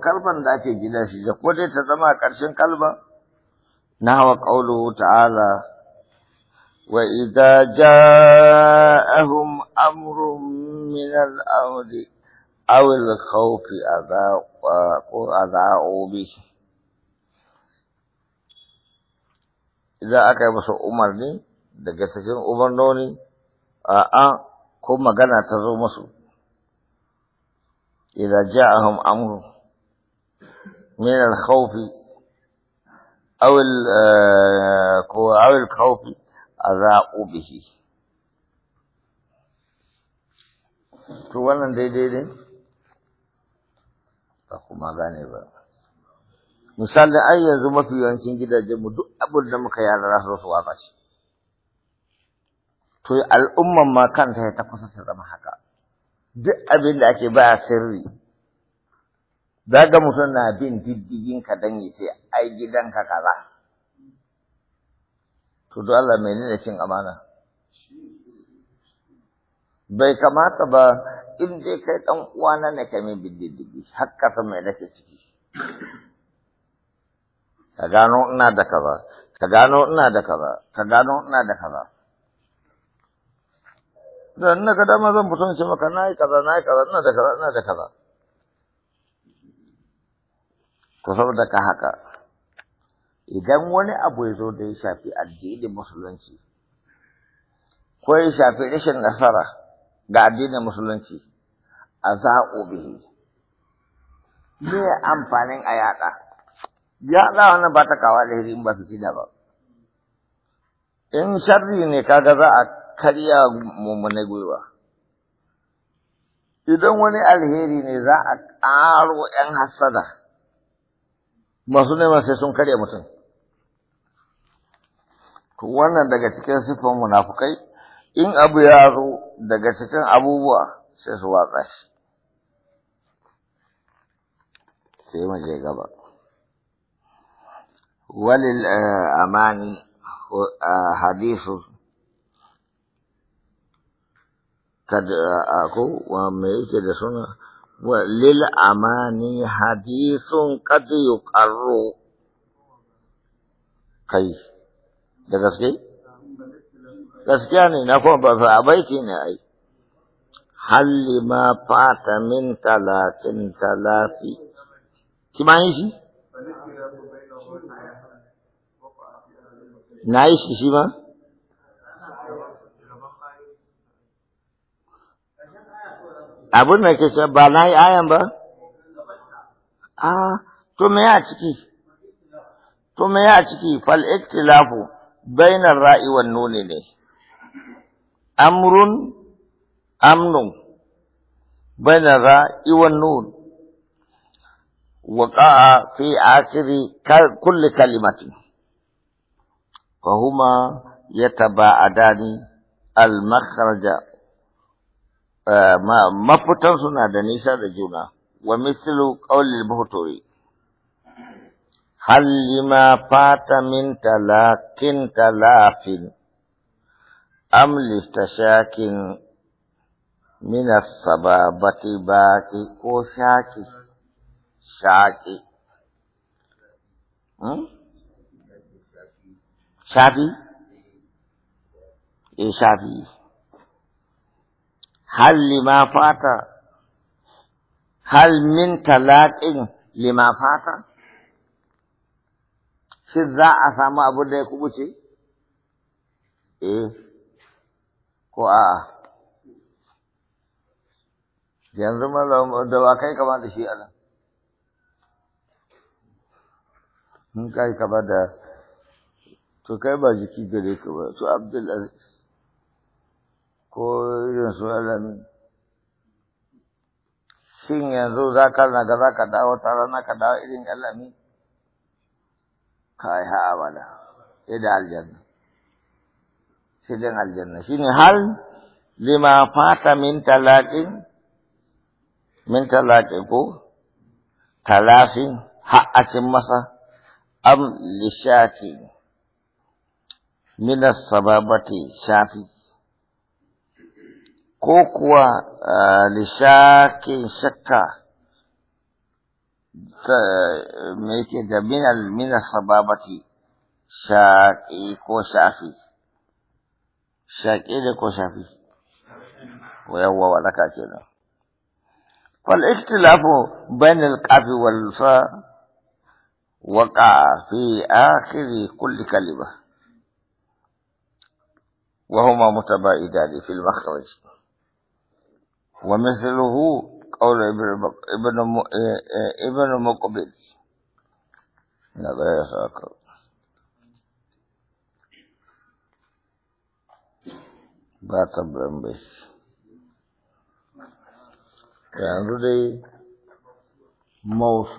kalban da ake gina shi da ko dai ta zama a ƙarshen kalban na hawa ƙauluhu ta'ala wa idza ja'ahum amrun min al-amri aw al-khawf adha'u bi idan aka yi masa umarni daga cikin umarnoni a'a ko magana ta zo musu إذا ja'ahum amrun من الخوف أو أو الخوف أذاء به to wannan daidai ne ba kuma gane ba misali ai yanzu mafi yawancin gidajenmu duk abin da muka yara za su watsa shi to al'umman ma kanta ta kusa ta zama haka duk abin da ake ba sirri za ga mutum na bin diddigin ka dan ya ce ai gidanka kaza to don Allah menene cin amana bai kamata ba in dai kai dan uwana ne ka min bin diddigi har ka san nake ciki ka gano ina da kaza ka gano ina da kaza ka gano ina da kaza Da na ga dama zan fito ce maka nayi kaza nayi kaza ina da kaza ina da kaza to saboda ka haka idan wani abu ya zo da ya shafi addinin musulunci ko ya shafi rashin nasara ga addinin musulunci a za'o bihi me amfanin a yaɗa za wani ba ta kawo alheri in ba su da ba in sharri ne kaga za a karya mummunai gwiwa idan wani alheri ne za a ƙaro ‘yan hassada masu nema sai sun karya mutum to wannan daga cikin siffan munafukai in abu ya zo daga cikin abubuwa sai su watsa shi sai mu je gaba walil eh, amani eh, hadisu kad eh, ko me yake da suna amani حديث قد يقر kai da gaske gaskiya ne na kuma ba fa baiti ne ai halli ma fata min talatin talafi ki ma yi shi na yi shi shi ma abin da ke ba na yi ayan ba? A, ah, to me ya ciki? To me ya ciki fal iktilafu bainar ra'i wan nuni ne. Amrun amnun bainar ra'i wan nun. Waƙa'a fi asiri kulli kalimati. Fahuma ya taba adani al-makhraja Eh, mafutan suna da nisa da juna wa mislu qawlil buhturi hal lima fata min talakin talafin am listashakin min as baqi ko shaki shaki hmm? shafi e shafi hal لما فات hal min تلاق لما فات shi za a samu abin da ya kubuce? eh ko a'a yanzu da ba kai kama da shi anan mun kai kama da to kai ba jiki gare ka ba to abdul ko irin su alami shin yanzu za ka naga za ka dawo tare na ka dawo irin alami kai ha abada idan aljanna sidin aljanna shi ne hal lima fata min talaqin min talaqin ko talafin ha'acin masa am lishati min sababati shafi ko kuwa lishakin shakka me yake da minal minal sababati shaƙi ko shafi shaƙi da ko shafi yawwa wadaka kenan fal ikhtilafu bain al qafi wal fa waqa fi akhir kulli kalima وهما متباعدان في المخرج ومثله قول ابن إيه، ابن مقبل لا غير ذاك باطبعن به يعني موصول